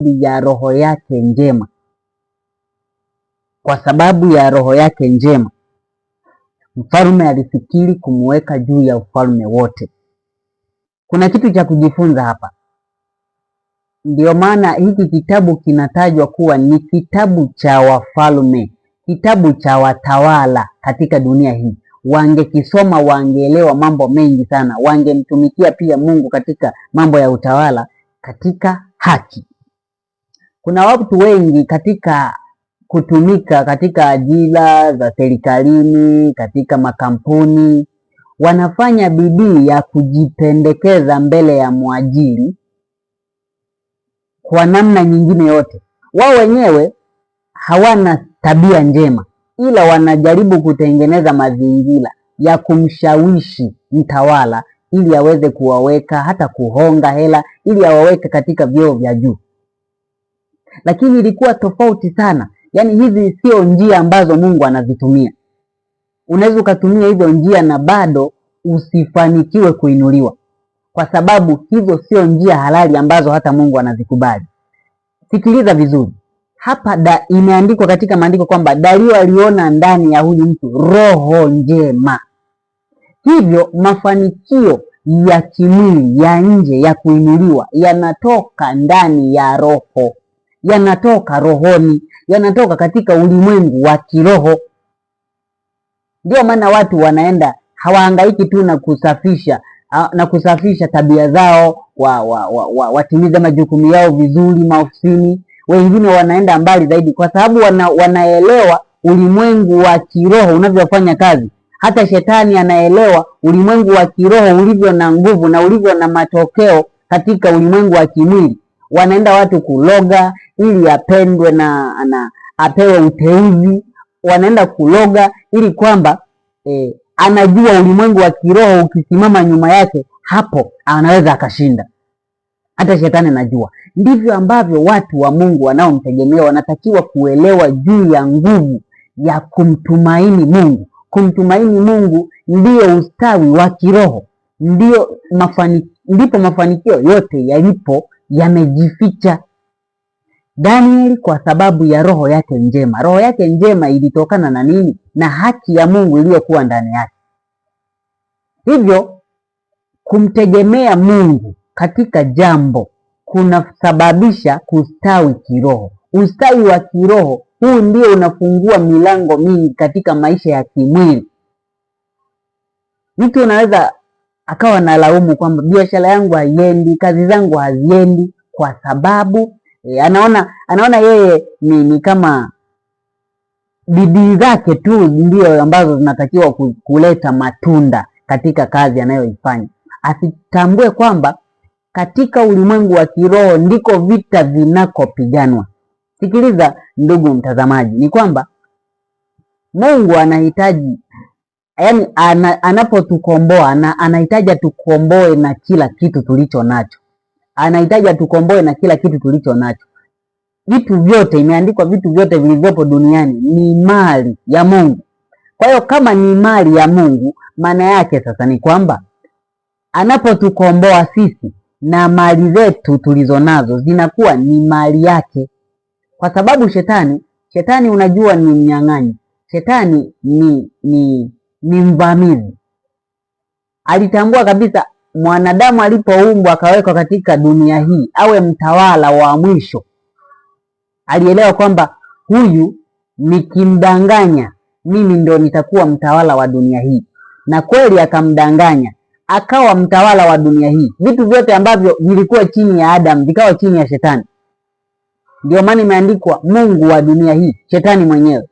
ya roho yake njema, kwa sababu ya roho yake njema mfalme alifikiri kumuweka juu ya ufalme wote. Kuna kitu cha kujifunza hapa. Ndio maana hiki kitabu kinatajwa kuwa ni kitabu cha wafalme, kitabu cha watawala katika dunia hii. Wangekisoma wangeelewa mambo mengi sana, wangemtumikia pia Mungu katika mambo ya utawala, katika haki kuna watu wengi katika kutumika katika ajira za serikalini, katika makampuni wanafanya bidii ya kujipendekeza mbele ya mwajiri kwa namna nyingine yote. Wao wenyewe hawana tabia njema, ila wanajaribu kutengeneza mazingira ya kumshawishi mtawala ili aweze kuwaweka hata kuhonga hela ili awaweke katika vyeo vya juu lakini ilikuwa tofauti sana. Yaani hizi sio njia ambazo Mungu anazitumia. Unaweza ukatumia hizo njia na bado usifanikiwe kuinuliwa, kwa sababu hizo sio njia halali ambazo hata Mungu anazikubali. Sikiliza vizuri hapa da, imeandikwa katika maandiko kwamba Dario aliona ndani ya huyu mtu roho njema, hivyo mafanikio ya kimwili ya nje ya kuinuliwa yanatoka ndani ya roho yanatoka rohoni, yanatoka katika ulimwengu wa kiroho. Ndio maana watu wanaenda hawahangaiki tu na kusafisha na kusafisha tabia zao, wa, wa, wa, wa, watimize majukumu yao vizuri maofisini. Wengine wanaenda mbali zaidi, kwa sababu wana, wanaelewa ulimwengu wa kiroho unavyofanya kazi. Hata shetani anaelewa ulimwengu wa kiroho ulivyo na nguvu na ulivyo na matokeo katika ulimwengu wa kimwili. Wanaenda watu kuloga ili apendwe na ana, apewe uteuzi, wanaenda kuloga ili kwamba eh, anajua ulimwengu wa kiroho ukisimama nyuma yake, hapo anaweza akashinda hata shetani anajua. Ndivyo ambavyo watu wa Mungu wanaomtegemea wanatakiwa kuelewa juu ya nguvu ya kumtumaini Mungu. Kumtumaini Mungu ndiyo ustawi wa kiroho, ndiyo mafani, ndipo mafanikio yote yalipo yamejificha. Danieli kwa sababu ya roho yake njema. Roho yake njema ilitokana na nini? Na haki ya Mungu iliyokuwa ndani yake. Hivyo kumtegemea Mungu katika jambo kunasababisha kustawi kiroho. Ustawi wa kiroho huu ndio unafungua milango mingi katika maisha ya kimwili. Mtu unaweza akawa na laumu kwamba biashara yangu haiendi, kazi zangu haziendi, kwa sababu E, anaona anaona yeye ni, ni kama bidii zake tu ndio ambazo zinatakiwa kuleta matunda katika kazi anayoifanya, asitambue kwamba katika ulimwengu wa kiroho ndiko vita vinakopiganwa. Sikiliza ndugu mtazamaji, ni kwamba Mungu anahitaji yani, anapotukomboa anahitaji atukomboe na kila kitu tulicho nacho anahitaji atukomboe na kila kitu tulicho nacho. Vitu vyote, imeandikwa vitu vyote vilivyopo duniani ni mali ya Mungu. Kwa hiyo kama ni mali ya Mungu, maana yake sasa ni kwamba anapotukomboa sisi na mali zetu tulizo nazo zinakuwa ni mali yake, kwa sababu shetani, shetani unajua ni mnyang'anyi, shetani ni ni ni mvamizi. Alitambua kabisa mwanadamu alipoumbwa akawekwa katika dunia hii awe mtawala wa mwisho, alielewa kwamba huyu nikimdanganya mimi ndo nitakuwa mtawala wa dunia hii, na kweli akamdanganya akawa mtawala wa dunia hii. Vitu vyote ambavyo vilikuwa chini ya Adamu vikawa chini ya Shetani. Ndio maana imeandikwa mungu wa dunia hii, shetani mwenyewe.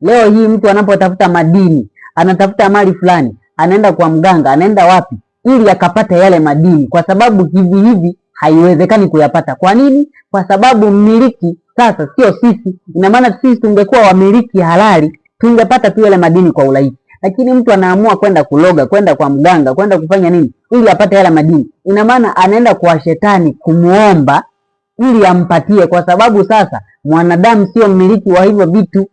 Leo hii mtu anapotafuta madini, anatafuta mali fulani, anaenda kwa mganga, anaenda wapi, ili akapata yale madini, kwa sababu hivi hivi haiwezekani kuyapata. Kwa nini? Kwa sababu mmiliki sasa sio sisi. Ina maana sisi tungekuwa wamiliki halali, tungepata tu yale madini kwa urahisi, lakini mtu anaamua kwenda kuloga, kwenda kwa mganga, kwenda kufanya nini ili apate yale madini. Ina maana anaenda kwa shetani kumuomba ili ampatie, kwa sababu sasa mwanadamu sio mmiliki wa hivyo vitu.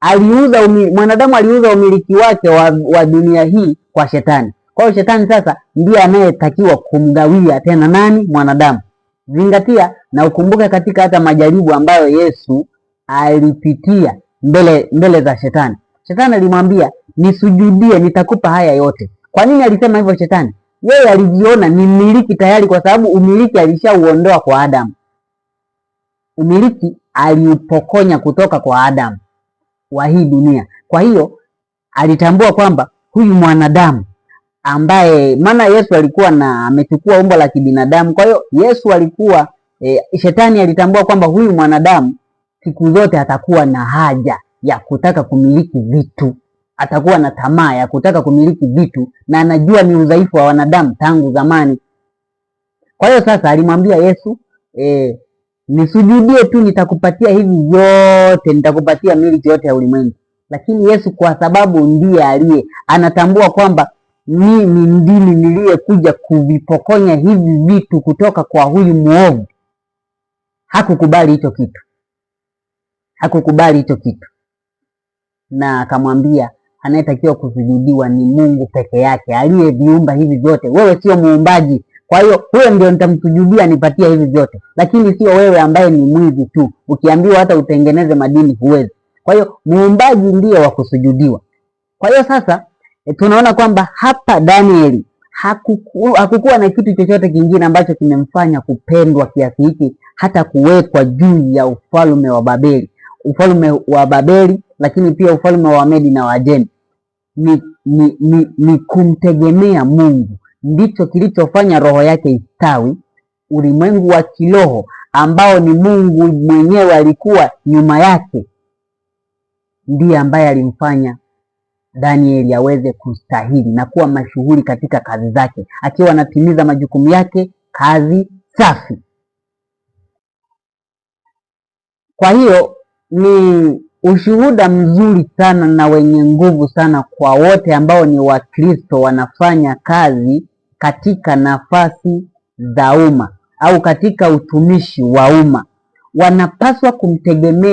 Aliuza umi, mwanadamu aliuza umiliki wake wa, wa dunia hii kwa shetani. Kwa hiyo shetani sasa ndiye anayetakiwa kumgawia tena nani? Mwanadamu. Zingatia na ukumbuke katika hata majaribu ambayo Yesu alipitia mbele mbele za shetani. Shetani alimwambia nisujudie, nitakupa haya yote. Kwa nini alisema hivyo shetani? Yeye alijiona ni mmiliki tayari, kwa sababu umiliki alishauondoa kwa Adamu. Umiliki aliupokonya kutoka kwa Adamu wa hii dunia. Kwa hiyo alitambua kwamba huyu mwanadamu ambaye maana Yesu alikuwa na amechukua umbo la kibinadamu. Kwa hiyo Yesu alikuwa e, shetani alitambua kwamba huyu mwanadamu siku zote atakuwa na haja ya kutaka kumiliki vitu, atakuwa na tamaa ya kutaka kumiliki vitu, na anajua ni udhaifu wa wanadamu tangu zamani. Kwa hiyo sasa alimwambia Yesu e, nisujudie tu, nitakupatia hivi vyote, nitakupatia miliki yote ya ulimwengu. Lakini Yesu kwa sababu ndiye aliye anatambua kwamba mimi ndimi niliyekuja kuvipokonya hivi vitu kutoka kwa huyu muovu. Hakukubali hicho kitu, hakukubali hicho kitu, na akamwambia anayetakiwa kusujudiwa ni Mungu peke yake aliyeviumba hivi vyote. Wewe sio muumbaji, kwa hiyo huyo ndio nitamsujudia nipatie hivi vyote, lakini sio wewe ambaye ni mwizi tu, ukiambiwa hata utengeneze madini huwezi. Kwa hiyo muumbaji ndiye wa kusujudiwa. Kwa hiyo sasa E, tunaona kwamba hapa Danieli hakukuwa, hakukuwa na kitu chochote kingine ambacho kimemfanya kupendwa kiasi hiki hata kuwekwa juu ya ufalme wa Babeli, ufalme wa Babeli, lakini pia ufalme wa medi na Wajemi. Ni, ni, ni, ni kumtegemea Mungu ndicho kilichofanya roho yake istawi. Ulimwengu wa kiroho ambao ni Mungu mwenyewe alikuwa nyuma yake ndiye ambaye alimfanya Danieli aweze kustahili na kuwa mashuhuri katika kazi zake, akiwa anatimiza majukumu yake, kazi safi. Kwa hiyo ni ushuhuda mzuri sana na wenye nguvu sana kwa wote ambao ni Wakristo wanafanya kazi katika nafasi za umma au katika utumishi wa umma, wanapaswa kumtegemea